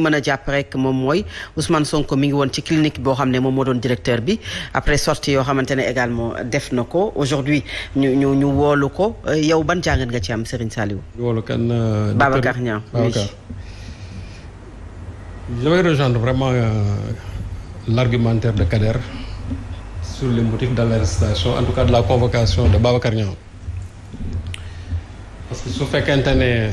mën a rek mom moy Ousmane Sonko mi ngi won ci clinique bo xamné mom modone directeur bi après sortie yo xamantene également def nako aujourd'hui ñu ñu ñu woolu ko euh, yow ban jàngat nga ci am Serigne Saliw wolu woolu kan. Euh, Babacar Niang je vais rejoindre vraiment euh, l'argumentaire de Kader sur les motifs de l'arrestation en tout cas de la convocation de Babacar Niang parce que su qu'un ne.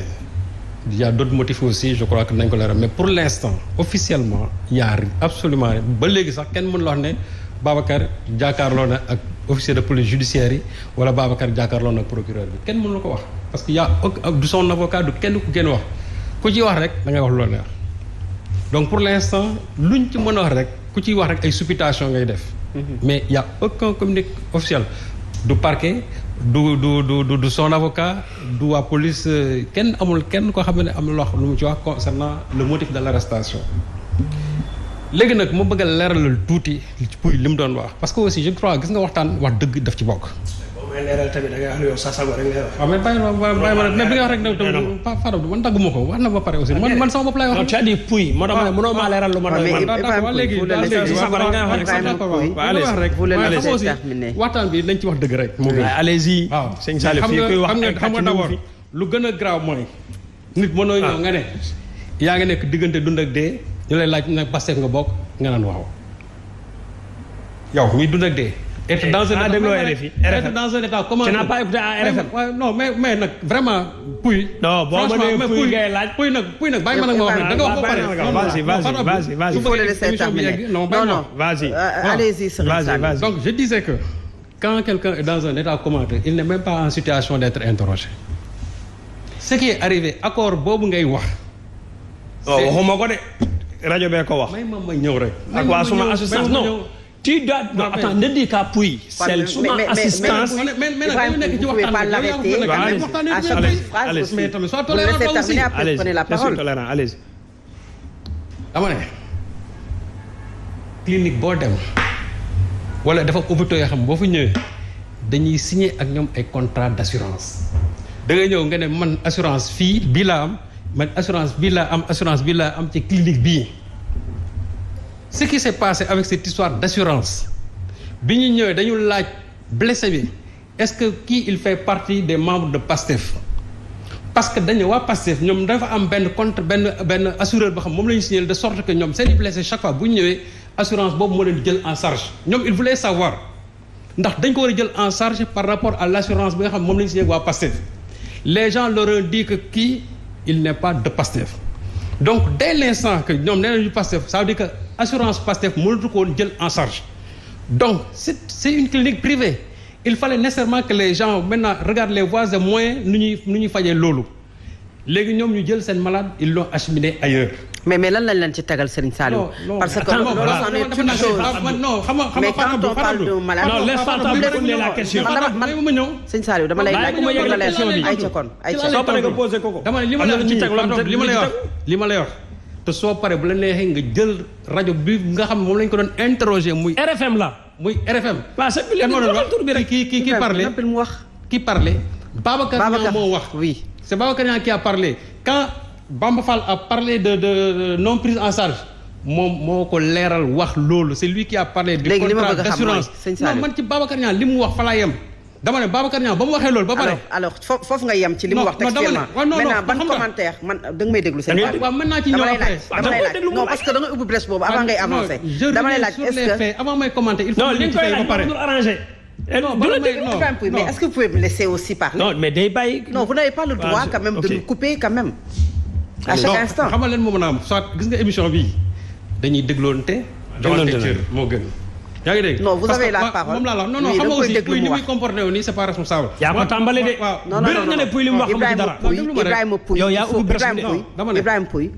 Il y a d'autres motifs aussi, je crois que nous Mais pour l'instant, officiellement, il y a absolument rien. Babacar jàkkaarloo na officier de police judiciaire ou wala Babacar jàkkaarloo na procureur bi kenn mënu la ko wax parce qu'il y' a du son avocat du a ku kenn wax ku ci wax rek da ngay wax donc pour l'instant instant luñ ci dit, c'est wax rek ku ciy wax rek ay supputation ngay def. Mhm. mais y' a aucun communiqué officiel du parquet du du du du son avocat du wa police euh, ken amul ken ko xamné am lo wax lu mu ci wax concernant le motif de l'arrestation légui nak mo bëgg leral tuti ci pour lim doon wax parce que aussi je crois gis nga waxtan wax deug daf ci bok koy leeral tamit da ngay wax ne yow sa sago rek ngay wax. waaw mais bàyyi ma bàyyi ma mais bi nga wax rek. la na ba pare xam nga xam nga d'abord lu gën a grave mooy. nit mënoo ah. nga ne. yaa ngi nekk diggante dund ak dee ñu lay laaj nag Pastef nga bokk nga naan waaw yow muy dund ak dee être dans un état être dans un état comment tu n'as pas écouté à RFM non mais mais nak, vraiment Pouy. non bon ma nee Pouy ngay laaj Pouy ma wax vas-y vas-y vas-y vas-y non non vas-y euh, allez-y vas-y donc je disais que quand quelqu'un est dans un état comateux il n'est même pas en situation d'être interrogé ce qui est arrivé accord Bob ngay wax oh, waxuma ko de Radio mais ko wax mais ma ma rek ak assistance non tu dois non, attends ne dis c'est assistance mais mais mais mais signer ak contrat d'assurance da ngay ñëw nga assurance fi la assurance assurance am clinique ce qui s'est passé avec cette histoire d'assurance bi ñu ñëwee dañu blessé est-ce que qui il fait partie des membres de PASTEF parce que dañu waa PASTEF nous dafa am benn contre benn benn assureur boo xam moom de sorte que ñoom seen i blessé chaque fois bu ñu assurance boobu leen en charge ñoom il voulait savoir ndax dañ ko war en charge par rapport à l'assurance bi nga xam moom la signé PASTEF les gens leur ont dit que qui il n'est pas de PASTEF donc dès l'instant que nous nee nañu PASTEF ça veut dire que assurance PASTEF mënatu ko jël en charge donc c'est, c'est une clinique privée il fallait nécessairement que les gens maintenant regardent les voisins moins, moyens nu ñuy nu ñuy fajee loolu léegi ñoom ñu jël seen malade ils l'ont acheminé ailleurs. mais mais lan lañ leen ci tagal Serigne Saliou. parce que loolu c'en est une chose. non xam nga xam nga Fatou Abdou Fatou non laisse pas Abdou poser la question. man dama man Serigne Saliou dama lay laaj ma yegg la question bi ayca kon ayca. soo paree nga posé ko ko. dama ne li ma lay wax li ma lay wax. soo paree bu la neexee nga jël rajo bi nga xam moom lañ ko doon interroger muy. RFM la muy RFM. waaw sa bi rek ki ki ki parle mu wax. ki parle Babacar Niang moo wax oui. c' est Babacar Niang qui a parlé quand Bamba Fall a parlé de de non prise en charge. moom moo ko leeral wax loolu c'est lui qui a parlé. du contrat d'assurance a xam mooy man ci Babacar Niang li mu wax fa yem. dama Babacar Niang ba mu waxee loolu ba pare. alors alors foofu nga yam ci li mu wax. textuellement maintenant ban commentaire man da nga may déglu seen. waaw mën naa ci ñëw après dama lay laaj non parce que da nga ubbi presse boobu avant ah, ngay avancer. dama lay laaj est-ce que avant may commenter il faut que ñu ci fay ba pare non bala may non mais est-ce que vous pouvez me laisser aussi parler. non mais day bàyyi. non vous n'avez pas le droit ah, quand même de me couper quand même. à chaque instant non xam nga leen moom naa am soit gis nga émission bii dañuy dégloonte. joxante cër moo gën. yaa ngi dégg non vous avez la parole moom laa la wax non non xam nga aussi puy ni muy comporté wu nii c'est pas responsable yaa ko tàmbali de waaw bir nga ne puy li mu wax xamul dara Ibrahima Pouy yow yaa ubbi dama ne Ibrahima Pouy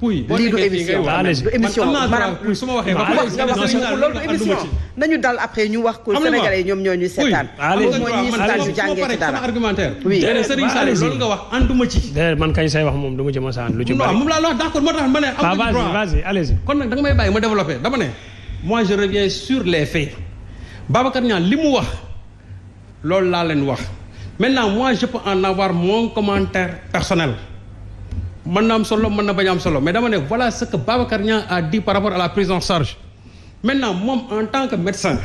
lii du émission du émission maanaam su ma waxee ah, loolu du émission nañu dal après ñu wax ko sénégalais ñoom ñoo ñuy seetaan mooy ñuy seetaan ñu jàngee ci dara argumentaire oui Serigne Sall loolu nga wax ànduma ci man kañ say wax moom du ma ci mosaan lu ci bari moom laa la wax d'accord moo tax ma ne am ah, vas-y vas-y allez-y kon nag da nga may bàyyi ma développé dama ne moi je reviens sur les faits Babacar Niang l'imoua, mu wax maintenant moi je peux en avoir mon commentaire personnel mën solo mën na solo mais voilà ce que Babacar Niang a dit par rapport à la prise en charge maintenant moi, en tant que médecin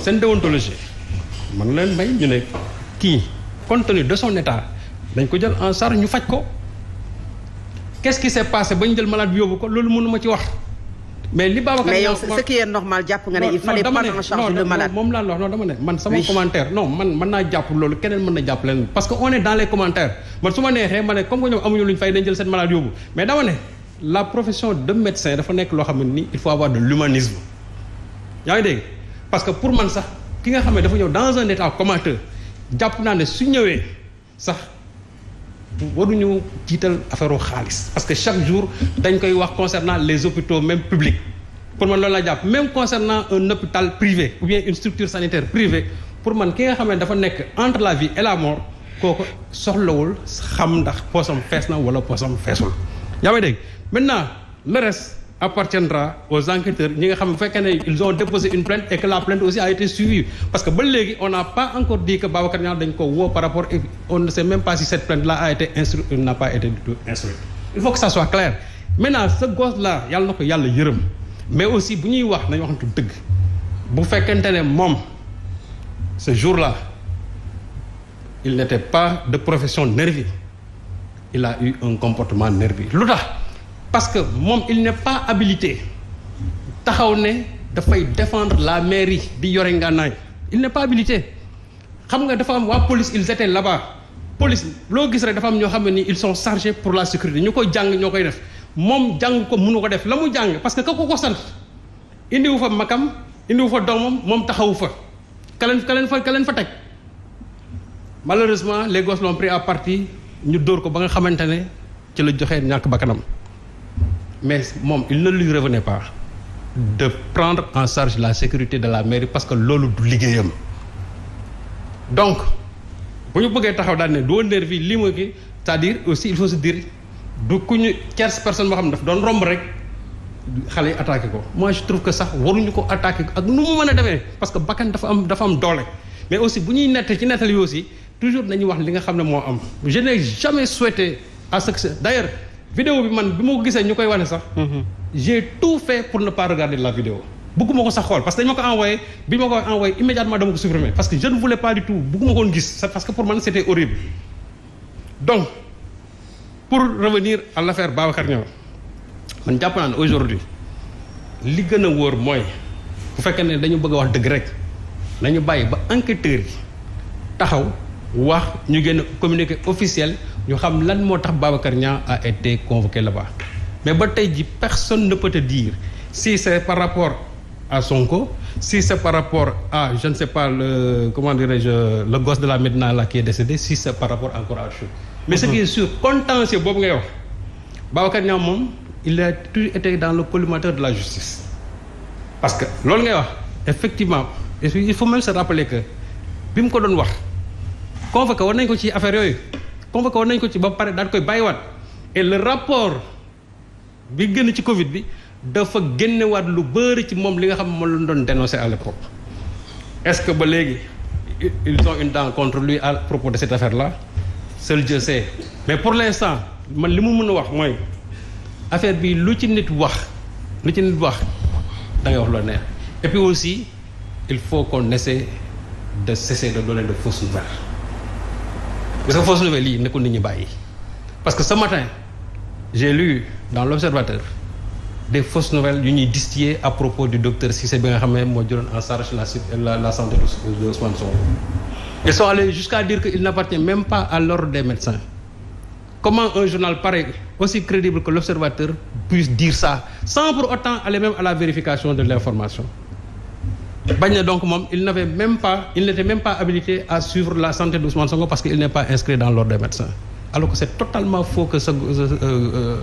c'est une déontologie man leen may ñu ne compte tenu de son état dañ ko jël en charge ñu faj ko qu'est-ce qui s'est passé ba ñu jël malade bi yóbbu ko loolu mënuma ci wax mais li Babacar mais yow ce qui normal jàpp nga ne moom laa wax non man sama commentaire non man mën naa jàpp loolu keneen mën na jàpp leen parce que on est dans les commentaires man su ma neexee ma ne comme que ñoom amuñu luñ fay dañ jël seen malade yóbbu mais dama ne la profession de médecin dafa nekk loo xam ne ni il faut avoir de l'humanisme yaa ngi parce que pour man sax ki nga xam ne dafa ñëw dans un état comateur jàpp naa ne su ñëwee sax waruñu jiital affaire xaalis parce que chaque jour dañ koy wax concernant les hôpitaux même publics pour man même concernant un hôpital privé ou bien une structure sanitaire privée pour man ki nga xam ne dafa entre la vie et la mort kooku soxlawul xam ndax poosam fees na wala poosam feesul yaa may maintenant le reste appartiendra aux enquêteurs ils ont déposé une plainte et que la plainte aussi a été suivie parce que on n'a pas encore dit que Babacar Niang dañ par rapport on ne sait même pas si cette plainte là a été instruite ou n'a pas été du tout instruite il faut que ça soit clair maintenant ce gosse là il y a le Yurum. mais aussi bu ñuy wax ce jour là il n'était pas de profession nervée il a eu un comportement nerveux Luda parce que moom il n'est pas habilité taxaw ne dafay défendre la mairie bi yore ngànnaay il n'est pas habilité xam nga dafa am waa police ils étaient là-bas police loo gis rek dafa am ñoo xam ne ils sont chargés pour la sécurité ñu koy jàng ñoo koy def moom jàng ko mënu ko def la mu jàng parce que ka ko ko sant indiwu fa makam indiwu fa doomam moom taxawu fa ka leen fa ka fa teg malheureusement les gosses l'ont pris à partie ñu dóor ko ba nga xamante ne ci la joxee ñàkk bakkanam mais mom, il ne lui revenait pas de prendre en charge la sécurité de la mairie parce que loolu du liggéeyam donc bu ñu bëggee taxaw daal ne doo nervi lii ki c'est-à-dire aussi il faut se dire du ku ñu tierce personne boo xam ne daf doon romb rek ko moi je trouve que sax waruñu ko attaquer ak nu mu mën a parce que bakkan dafa am dafa am doole mais aussi bu ñuy nett ci netal yi aussi toujours nañu wax li nga xam ne am je n'ai jamais souhaité à ce que d'ailleurs vidéo bi man bi ma ko gisee ñu koy wane sax. Mhm. j'ai tout fait pour ne pas regarder la vidéo bëgguma ko sax xool parce que dañ ma ko envoyé bi ma ko envoyé immédiatement dama ko supprimer parce que je ne pas du tout bëgguma koon gis parce que pour man c'était horrible donc pour ravenir à l'affaire Babacar Niang man jàpp naa ne aujourd'hui li gën a wóor mooy bu fekkee ne dañu bëgg a wax dëgg rek nañu bàyyi ba enquêteurs yi taxaw wax ñu gën communiqué officiel ñu xam lan moo tax Babacar Niang a été convoqué là-bas mais ba ji personne ne peut te dire si c'est par rapport à son Sonko si c'est par rapport à je ne sais pas le comment dirais-je le gosse de la Médina là qui est décédé si c'est par rapport encore à chose mais ce qui est sûr contentieux boobu ngay wax Babacar il a toujours été dans le collimateur de la justice parce que loolu ngay effectivement il faut même se rappeler que Bim mu ko wax convoqué war nañ ko ci affaire yooyu convoqué war nañ ko ci ba pare daal koy bàyyiwaat et le rapport bi gën ci Covid bi dafa génnewaat lu bëri ci moom li nga xam moom la doon dénoncé à l'époque est-ce que ba léegi ils ont une dent contre lui à propos de cette affaire là seul Dieu sait mais pour l'instant man li mu mën a wax mooy affaire bi lu ci nit wax lu ci nit wax da ngay wax loo neex et aussi il faut que essaie de cesser de donner de fausses nouvelles fausse nouvelle parce que ce matin j'ai lu dans l'observateur des fausses nouvelles d'une à propos du docteur Sissé Benhamé nga en charge la santé de Ousmane Sonko ils sont allés jusqu'à dire qu'il n'appartient même pas à l'ordre des médecins comment un journal pareil aussi crédible que l'observateur puisse dire ça sans pour autant aller même à la vérification de l'information donc il n'avait même pas il n'était même pas habilité à suivre la santé de Sango parce qu'il n'est pas inscrit dans l'ordre des médecins alors que c'est totalement faux que ce, euh, euh,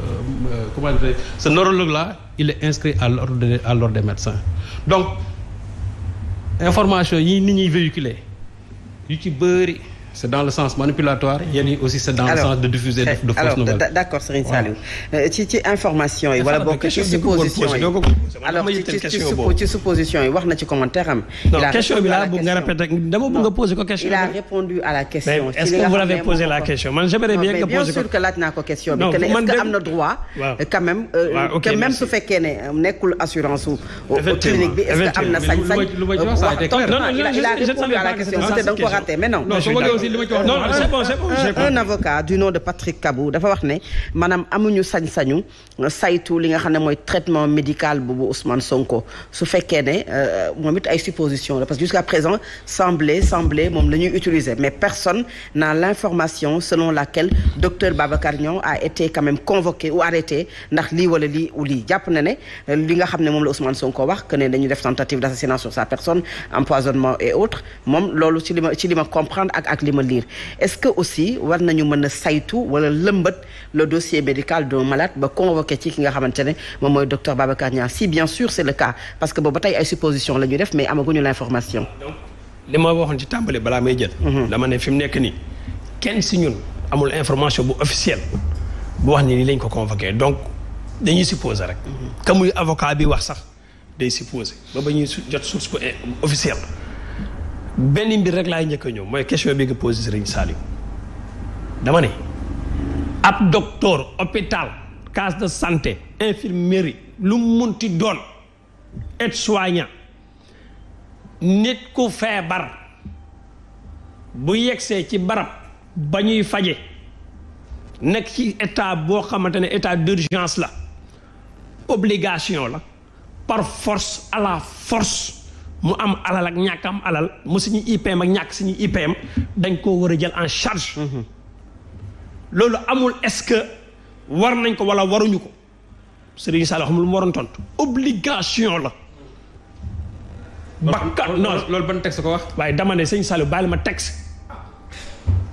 neurologue-là il est inscrit à l'ordre à des médecins donc information yi ni ñuy véhiculé c'est dans le sens manipulatoire y a aussi c'est dans alors, le sens de diffuser de, de fausses nouvelles d'accord Serigne Saliou ci ci information voilà wala bokk ci supposition alors ci supposition et wax na ci commentaire non question là, laa nga répéter dama bëgg nga poser ko question il a répondu à la question est-ce que vous l'avez posé la question man j'aimerais bien que bien sûr que là, naa ko question Mais est-ce que a le droit quand même que même su fekkee ne nekkul assurance u clinique bi est-ce que am na sañ-sañ il a répondu à la question c'était donc raté mais non ci wax non c'est bon c'est bon un avocat du nom de Patrick Kabou dafa wax né manam amuñu sañ-sañu saytu li nga xamné moy traitement médical boobu Ousmane Sonko su fekkee né euh, momit ay supposition parce que jusqu'à présent semblait, semblait, mom la utiliser mais personne n'a l'information selon laquelle docteur Babacar Niang a été quand même convoqué ou arrêté ndax li wala li ou li japp na né euh, li nga xamné mom la Ousmane Sonko wax que né dañu def tentative d'assassinat sur sa personne empoisonnement et autres mom lolu ci li ci li comprendre ak ak li ma lire est-ce que aussi war nañu mëna saytu wala lëmbat le dossier médical d'un malade ba convoqué ci ki nga xamantene mom moy docteur Babacar Niang si bien sûr c'est le cas parce que boobu ba ay supposition lañu def mais amaguñu l'information. li ma waxoon ci tambalé bala may jël. Mhm. dama né fim nek ni nii kenn si ñun amul information bu officielle bu wax ni nii lañ ko convoqué donc dañuy supposer rek. ka mhm. muy avocat bi wax sax day supposer ba bañuy jot source bu officielle. benn mbir rek laay njëkk a ñëw mooy question bi nga posé Serigne Saliou dama ne ab docteur hôpital case de santé infirmerie lu munti doon aide soignant nit ku feebar bu yegsee ci barab ba ñuy faje nekk ci état boo xamante ne état d'urgence la obligation la par force à la force mu am alal ak ñàkk am alal mu suñu IPM ak ñàkk suñu IPM dañ koo war a jël en charge loolu amul est-ce que war nañ ko wala waruñu ko Serigne Sall xam lu mu waroon tontu obligation la bakkat non loolu ban texte ko wax waaye dama ne sëñ Sall bàyyi ma texte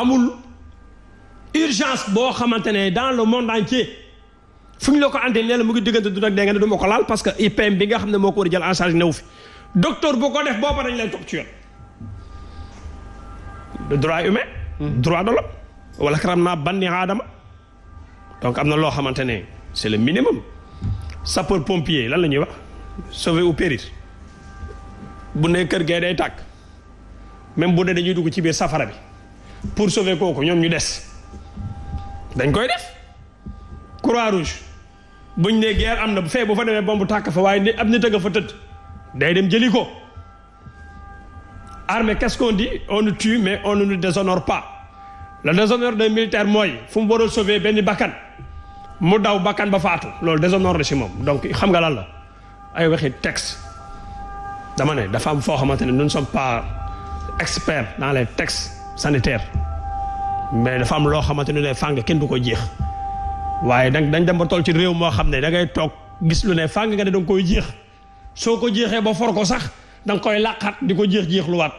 amul urgence bo xamantene dans le monde entier fu ñu la ko antenne ne la mu ngi diggante du nak de nga du laal parce que IPM bi nga xam moko wara ko jël en charge newu fi docteur bu ko def booba dañ leen top ci yoon le droit humain hmm. droit de l'homme wala karam naa banni aadama donc amna lo xamantene c'est le minimum sapeur pompier lan la ñuy wax sauver ou périr bu ne kër gee day tak même bu dee dañuy dugg ci biir safara bi pour sauver koko ñom ñu des dañ koy def croix rouge buñ ne guerre amna na bu fa démé bomb tak fa waaye ni ab fa tëdd day dem jëli ko armée qu'est-ce qu'on dit on nous tue mais on ne nous déshonore pas le déshonneur d'un militaire moy fu mu war sauver benn bakkan mu daw bakkan ba faatu loolu déshonneur la moom donc xam nga lan la ay waxi texte dama ne dafa am foo xamante ne nous ne sommes pas experts dans les textes sanitaire mais dafa am loo xamante ne ne fàng kenn du ko jeex waaye da dañ dem ba toll ci réew moo xam ne da ngay toog gis lu ne fàng nga ne da koy jeex soo ko jeexee ba for ko sax danga koy làqaat di ko jeex jeex lu waat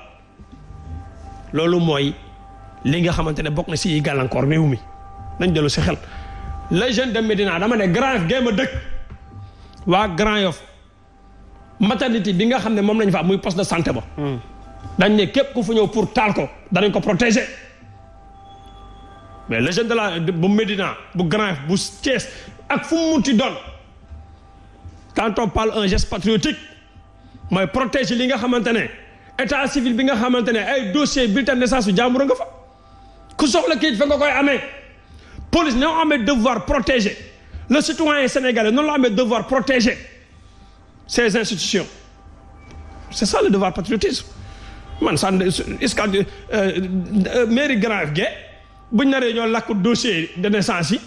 loolu mooy li nga xamante ne bokk na si gàllankoor réew mi dañ dellu si xel dem mi de Médina dama ne Grand Yoff géem a dëkk waa Grand Yoff maternité bi nga xam ne moom lañ fa muy poste de santé ba hmm. dañ ne képp ku fa ñëw pour taal ko danañ ko protéger mais les gens de la bu Médina bu Grand bu Thiès ak fu mu munti doon quand on parle un geste patriotique mooy protéger li nga xamante état civil bi nga xamante ne ay dossier bulletin de naissance su jàmbur nga fa ku soxla kayit fa nga koy amee police ne amee devoir protéger le citoyen sénégalais noonu la amee devoir protéger ces institutions c'est ça le devoir patriotisme man sànni est-ce que euh, euh, mairie Grand Yoff ge buñ naree ñoo lakk dossier de naissance yi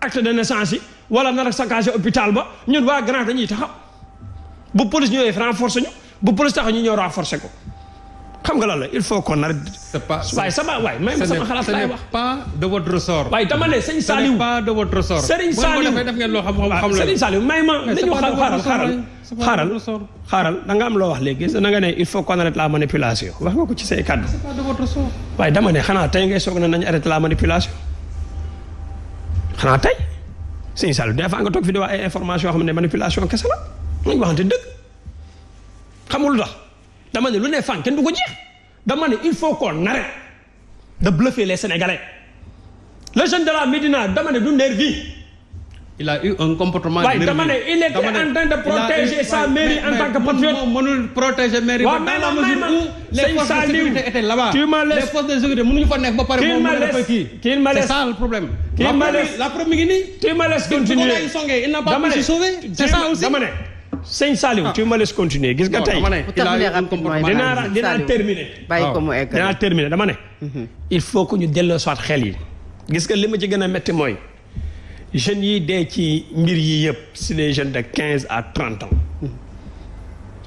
acte de naissance yi wala nar a saccagé hôpital ba ñun waa Grand dañuy taxaw bu police ñëwee renforcer ñu bu police taxaw ñu ñëw renforcer ko. xam nga lan il faut qu'on arrête. c'est pas waaye sama waay même sama xalaat laay wax. ce n'est pas de votre ressort. waaye dama ne sëñ Saliou. ce n'est pas de votre ressort. Serigne Saliou def ngeen loo xam xam la. Serigne Saliou may ma dañu eh, xaaral xaaral xaaral eh. xaaral da nga am loo wax léegi da nga ne il faut qu'on arrête la manipulation wax nga ko ci say kàddu. c'est pas de votre ressort. waaye dama ne xanaa tey ngay soog na arrêté la manipulation xanaa tey sëñ Saliou des fois nga toog fi di wax ay information xam ne manipulation kese la dëgg xamul dama ne lu ne fan kenn du ko jeex dama ne il faut qu'on arrête de bluffer les Sénégalais le jeune de la Médina dama ne du nervi il a eu un comportement. nerveux dama ne il était en train de protéger sa mairie en tant que patriote. mënul protéger mairie ba dans la mesure où les forces de sécurité étaient là-bas. les forces de sécurité mënuñu fa nek ba pare. kii ma laisse ki c'est ça le problème. kii ma laisse la preuve mi ngi nii. kii ma laisse continuer dama ne dama ne sëñ salut ah. tu me laisses continuer terminer il faut que nous delloo soit xel yi gis nga ci gën a jeunes yi dee ci mbir yi jeunes de 15 à 30 ans mhm.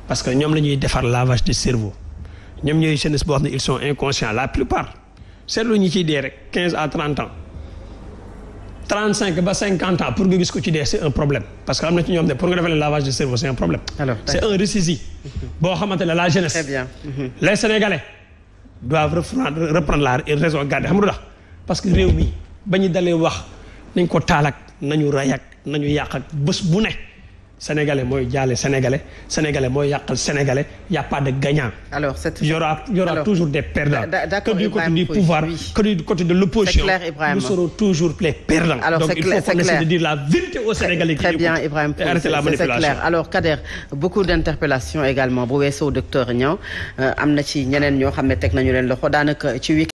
parce que nous, la ñuy lavage du cerveau Nous, ñooy ils sont inconscients la plupart c'est ñi ci dee rek 15 à 30 ans 35 ba 50 ans pour que vous c'est un problème. Parce que nous pour pour vers le lavage de cerveau, c'est un problème. C'est un récisi. Bon, la jeunesse. Mhm. Les Sénégalais doivent reprendre la raison. Parce que les gens, quand ils sont allés voir, ils sont allés voir, ils sont allés voir, sénégalais moi les sénégalais sénégalais a les sénégalais Il y' a pas de gagnant. alors cette y aura il y aura toujours des perdants. que du côté du pouvoir que du côté de l'opposition, nous serons toujours les perdants. alors donc il faut qu'on de dire la vérité aux sénégalais. très bien Ibrahim, c'est la manipulation. clair alors Kader beaucoup d'interpellations également docteur euh, amna ci ñeneen ño tek nañu loxo ci